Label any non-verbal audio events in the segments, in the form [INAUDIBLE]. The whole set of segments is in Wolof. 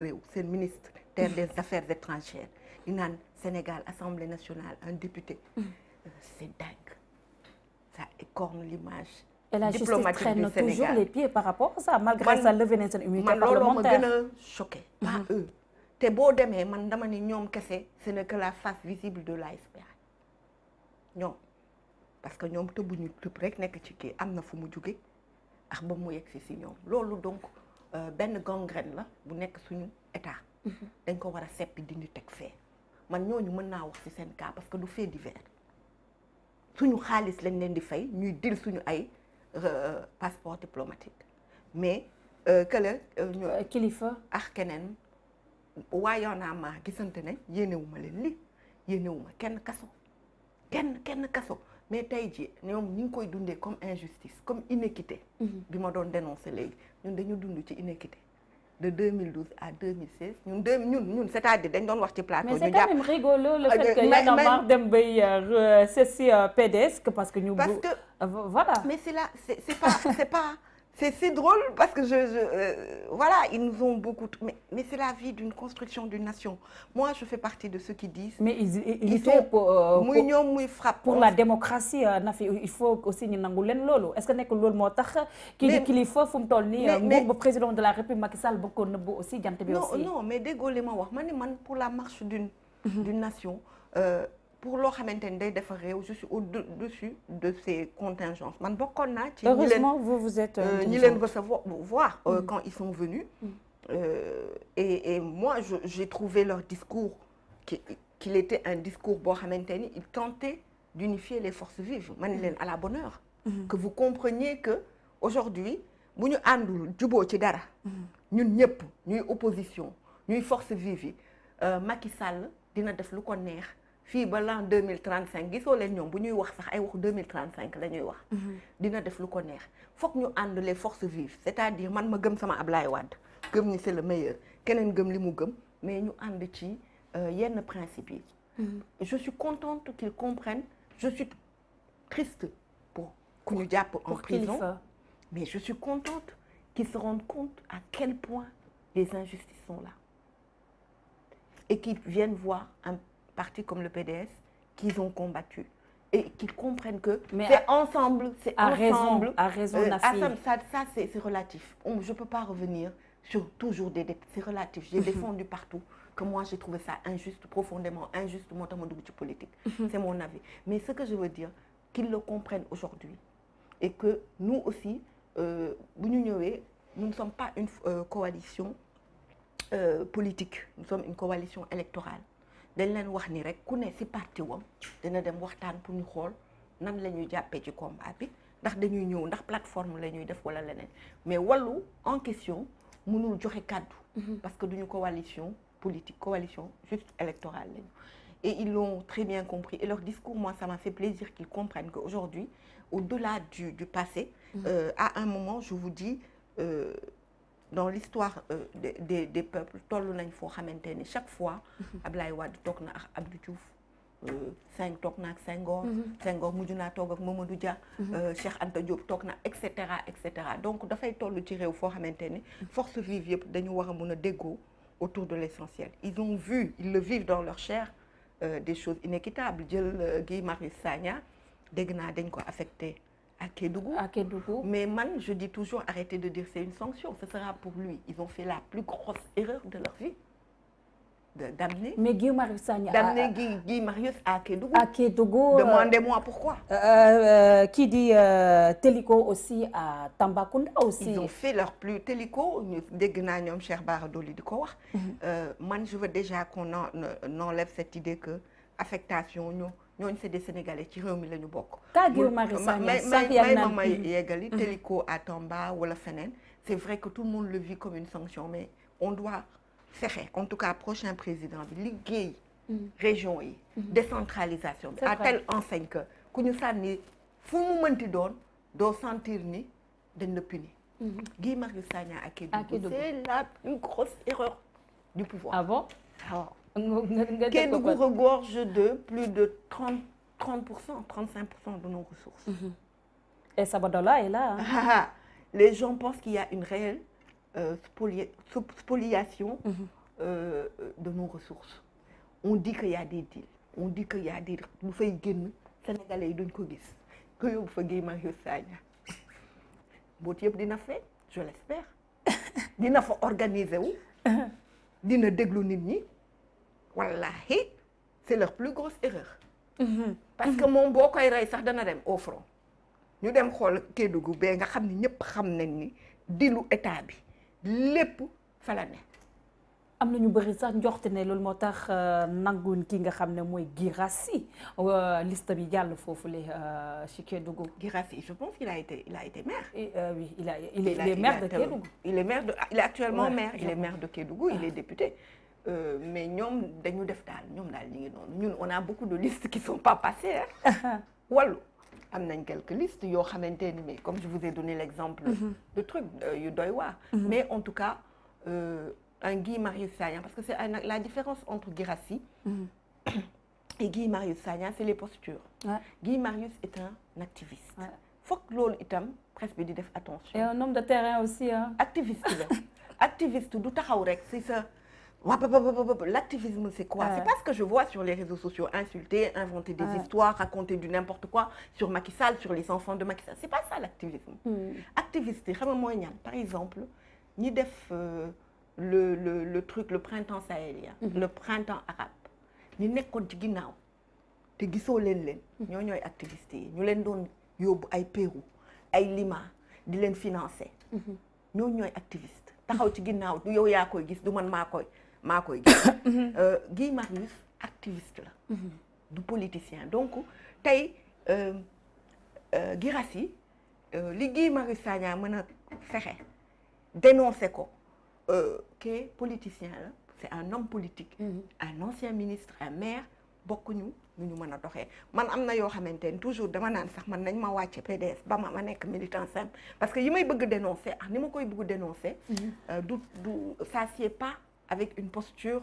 réew seen ministre terre des affaires étrangères di naan Sénégal assemblée nationale un député euh, c'est dingue ça écorne l'image et la justice traîne toujours les pieds par rapport à malgré man, ça levé nañ seen immunité parlementaire mm-hmm. te boo demee man dama ni ñoom kese ce n'est que la face visible de l'iceberg ñoom parce que ñoom tëbuñu tëb rek nekk ci kii am na fu mu jóge ak ba mu yegg si si ñoom loolu donc Euh, benn gangrène la bu nekk suñu état. Mm-hmm. dañ ko war a seppi dindi teg fee man ñooñu mën naa wax ci seen kaa parce que du fait divers suñu xaalis lañ leen di fay ñuy dil suñu ay euh, passeport diplomatique mais kële. Euh, kilifa ak keneen waaye yoon naa maa gisante ne yéenewuma leen li yéenewuma kenn kaso kenn kenn kaso mais tey ji ñoom ñu ngi koy dundee comme injustice comme inéquité mhm. bi ma doon dénoncer léegi ñun dañu dund ci inéquité de 2012 à 2016 ñun deux ñun ñun cest dañ doon wax ci plateau. ñu jàpp mais c'est quand même rigolo le ah, fait que Y'en a marre dem bay euh, ceci euh, PDS parce que ñu. parce que euh, voilà mais c'est là c'est pas c'est pas. c'est drôle parce que je, je euh, voilà, ils nous ont beaucoup. Mais, mais c'est la vie d'une construction d'une nation. Moi, je fais partie de ceux qui disent. Mais ils, ils, ils, ils sont pour, euh, pour, pour la démocratie, euh, Nafi, il faut aussi nous n'angoulez lolo. Est-ce que n'est que lolo motax qui qui les faut font tolni. Le président de la République Macky Sall beaucoup ne aussi janté aussi. Non non, mais dégolément, moi, man pour la marche d'une mhm. d'une nation. Euh, pour loo xamante ni day defar réew je suis au dessus de ces contingences man bokkoon naa. ci ñi leen vous euh, euh, ñi leen recevoir euh, mm-hmm. quand ils sont venus. Mm-hmm. Euh, et et moi j'ai trouvé leur discours qui qu'il était un discours boo xamante ni il tentait d'unifier les forces vives man ne mm-hmm. leen à la bonne heure. que vous compreniez que aujourd'hui bu ñu àndul juboo ci dara. ñun ñëpp ñuy opposition ñuy forces vives yi Macky Sall dina def lu ko neex. fii ba l'an deux mille cinq gisoo leen ñoom bu ñuy wax sax ay waxu deux mille trente cinq la ñuy wax. Mhm. dina def lu ko neex foog ñu ànd les forces vives c'est-à-dire man ma gëm sama Ablaye Wade gëm ni c'est le meilleur keneen gëm li mu gëm mais ñu ànd ci euh, yenn principe yi. Mhm. je suis contente qu'ils comprennent je suis triste pour ku ñu jàpp en prison mais je suis contente qu'ils se rendent compte à quel point les injustices sont là et qu'ils viennent voir partis comme le PDS qu'ils ont combattu et qu'ils comprennent que c'est ensemble, c'est ensemble. Raison, à raison, euh, Assam, ça, ça c'est relatif. On, je ne peux pas revenir sur toujours des... C'est relatif. J'ai mhm. défendu partout que moi, j'ai trouvé ça injuste, profondément injuste, mon du politique. Mhm. c'est mon avis. Mais ce que je veux dire, qu'ils le comprennent aujourd'hui et que nous aussi, euh, nous ne sommes pas une euh, coalition euh, politique, nous sommes une coalition électorale. dañ leen wax ni rek ku ne si parti wam dina dem waxtaan pour ñu xool nan la ñuy jàppee ci combat bi ndax dañuy ñëw ndax plateforme la ñuy def wala leneen mais wàllu en question mënul joxe kaddu mhm. parce que duñu coalition politique coalition juste électorale lañu et ils l'ont très bien compris et leur discours moi ça m'a fait plaisir qu'ils comprennent qu'aujourd'hui au-delà du du passé mhm. euh, à un moment je vous dis euh, dans l'histoire euh, des, de des peuples toll nañ foo xamante ni chaque fois mhm. Ablaye Wade toog na ak Abdou Diouf euh, Senghor toog na ak Senghor mhm. Senghor mujj naa toog ak Mamadou Dia mhm. euh, Cheikh Anta Diop toog na et cetera et cetera donc dafay toll ci réew foo xamante ni force vive yëpp dañu war a mun a déggoo autour de l'essentiel ils ont vu ils le vivent dans leur chair euh, des choses inéquitables jël euh, Guy Marius Sagna dégg naa dañ ko affecté à Kédougou. À Kédougou. Mais man, je dis toujours, arrêtez de dire c'est une sanction. Ce sera pour lui. Ils ont fait la plus grosse erreur de leur vie. D'amener. Mais Guy Marius D'amener Guy, Guy, Marius à Kédougou. À Kédougou. Euh, Demandez-moi pourquoi. Euh, euh, qui dit euh, Télico aussi à Tambacounda aussi. Ils ont fait leur plus. Télico, Degnanium, Cherbar, Doli de Kouar. Mhm. Euh, man, je veux déjà qu'on en, euh, enlève cette idée que affectation, nous. ñooñu c'est des sénégalais ci réew mi la ñu bokk. tàggeewu Marissa Niass sax yàgg naa may yeggali mm-hmm. Téliko à wala feneen. c'est vrai que tout le monde le vit comme une sanction mais on doit fexe en tout cas prochain président bi liggéey. Mm-hmm. région yi. Mm-hmm. décentralisation bi à telle enseigne que ku ñu sànni fu mu mënti doon doo sentir ni dañ la punir. Guy Marius Sagna à Kédougou. c'est la plus grosse erreur du pouvoir. Ah ah. kenn ku regorge de plus de trente trente pour cent trente cinq pour cent de nos ressources. Mm-hmm. et Sabadola est là. Ah, ah, ah. les gens pensent qu'il y a une réelle euh, spolié spoliation. Mm-hmm. Euh, de nos ressources. on dit qu'il y des deals on dit qu'il y des bu fay génn sénégalais yi duñ ko gis ko yóbbu fa Guy Marius Sagna dina feeñ je l'espère [LAUGHS] dina fa organiser wu [LAUGHS] dina déglu nit ñi. wallahi c'est leur plus grosse erreur. Mhm. parce mhm. que moom boo koy rey sax dana dem au front. ñu dem xool gu bee nga xam ni ñëpp xam nañ ni dilu état bi lépp fa am na ñu bëri sax njoxte ne loolu moo tax euh, nanguwuñ ki nga xam ne mooy Guirassy euh, liste bi jàll foofu le euh, ci Kédougou. Guirassy je pense qu'il a été il a été maire. Et, euh, oui il a il est, il est maire de Kédougou. il est maire de ah, il est actuellement ouais, maire il est maire de Kédougou il ah. est député. Euh, mais ñoom dañu def daal ñoom daal ñu ngi noonu ñun on a beaucoup de listes qui sont pas passées ah. [LAUGHS] wàllu am nañ quelques listes yoo xamante ni mais comme je vous ai donné l'exemple. Mm -hmm. de trucs yu doy waar. Mm-hmm. mais en tout cas. Euh, un Guy Marius Sagna parce que c'est la différence entre Guirassy mmh. et Guy Marius Sagna c'est les postures ouais. Guy Marius est un activiste ouais. foog loolu itam presse bi di def attention et un homme de terrain aussi hein? activiste la [LAUGHS] activiste du taxaw rek si sa L'activisme, c'est quoi ah ouais. C'est pas ce que je vois sur les réseaux sociaux. Insulter, inventer des ah ouais. histoires, raconter du n'importe quoi sur Macky Sall, sur les enfants de Macky Sall. C'est pas ça l'activisme. Mm. Activiste, xam nga mooy ñaan par exemple ñi def. Euh, le le le truc le printemps sahélien. Mhm. le printemps arabe. ñi nekkoon ci ginnaaw te gisoo leen leen. Mhm. ñoo ñooy activistes yi ñu leen doon yóbbu ay Pérou ay Lima di leen financer. Mhm. ñoo ñooy activiste taxaw ci ginnaaw du yow yaa koy gis du man maa koy maa koy gis. [COUGHS] Euh, Guy Marius activiste la. du politicien donc tey euh, euh, Guirassy li Guy Marius Sagna mën a fexe dénoncer ko. Euh, kii politicien la c'est un homme politique. Mm-hmm. un ancien ministre un maire bokkuñu nu ñu mën a doxee man am na yoo xamante ne toujours dama naan sax man nañ ma wàcce PDS ba ma ma nekk militant simple parce que yi may bëgg dénoncer ak ah, ni ma koy bëgg dénoncer. Mm-hmm. Euh, du du ça sied pas avec une posture.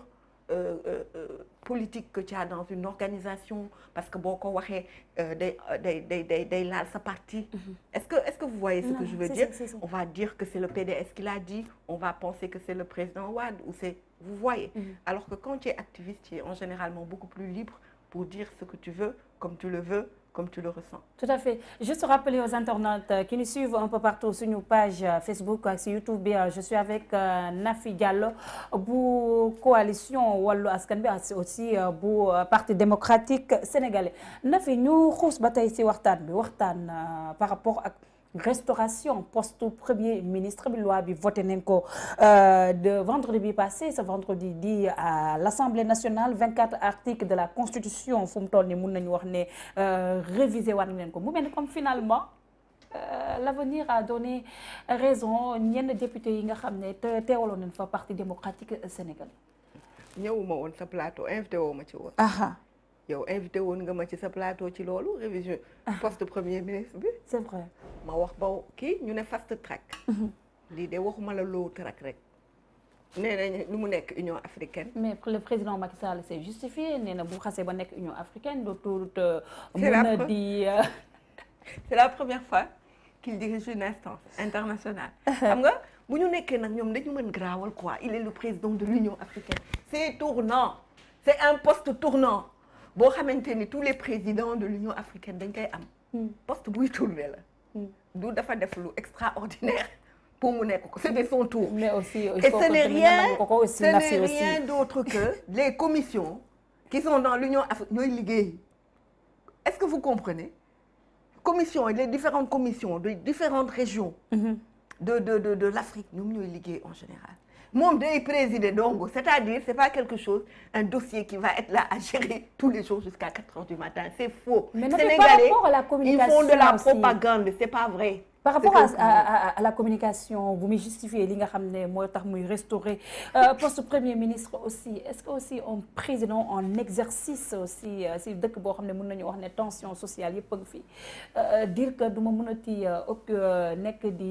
Euh, euh, euh, politique que tu as dans une organisation parce que boo ko waxee day day day day day laal sa parti. Mm-hmm. est-ce que est-ce que vous voyez ce non, que je veux dire ça, on va dire que c'est le PDS qui l'a dit on va penser que c'est le président Wade ou c'est vous voyez. Mm -hmm. alors que quand tu es activiste tu es en généralement beaucoup plus libre pour dire ce que tu veux, comme tu le veux, comme tu le ressens. tout à fait juste rappeler aux internautes euh, qui nous suivent un peu partout suñu page euh, Facebook ak euh, si YouTube bi je suis avec Nafi Diallo bu coalition wàllu askan bi aussi bu parti démocratique sénégalais Nafi ñu xuus ba tey si waxtaan bi waxtaan par rapport ak. restauration poste premier ministre bi loi bi voté nañ ko euh, de vendredi bi passé ce vendredi di à l'Assemblée nationale 24 articles de la constitution fu mu toll ni mun nañu wax ne euh, révisé war nañ ko mu mel ni comme finalement euh, l'avenir a donné raison ñenn député yi nga xam ne teewaloon nañ fa parti démocratique sénégalais ñëwuma woon sa plateau invité woo ma ci woon yow invité woon nga ma ci sa plateau ci loolu révision [LAUGHS] poste premier ministre bi. c'est vrai ma wax ba kii ñu ne fast track. [LAUGHS] lii de waxuma la low track rek. nee nañ lu mu nekk Union africaine. mais le président Macky Sall s'est justifié nee bu xasee ba nekk Union africaine dootul. Euh, c'est la mën a di. Euh. [LAUGHS] c'est la première fois qu'il dirige une instance internationale. xam nga bu ñu nekkee nag ñoom dañu mën graawal quoi il est le président de l'Union africaine. c'est tournant c'est un poste boo xamante ni tous les présidents de l'Union africaine dañ koy am. Hmm. poste buy tourné la. Hmm. du dafa def lu extraordinaire [LAUGHS] pour mu nekk ko c'était son tour. mais aussi il faut que ce n'est rien d'autre que [LAUGHS] les commissions qui sont dans l'Union africaine ñooy liggéey est-ce que vous comprenez commission les différentes commissions de différentes régions. Mm-hmm. de de de de l'Afrique ñoom ñooy liggéey en général. moom day présider donc c'est-à-dire c'est pas quelque chose un dossier qui va être là à gérer [LAUGHS] tous les jours jusqu'à 4 heures du matin c'est faux. mais Sénégalais par la communication ils font de pas vrai. par rapport à, la communication bu muy justifier li nga xam ne moo tax muy restaurer euh, [LAUGHS] poste premier ministre aussi est-ce que aussi un président en exercice aussi euh, si dëkk boo xam ne mën nañu wax ne tension sociale yëpp a ngi fi euh, dire que du ma mën a ti nekk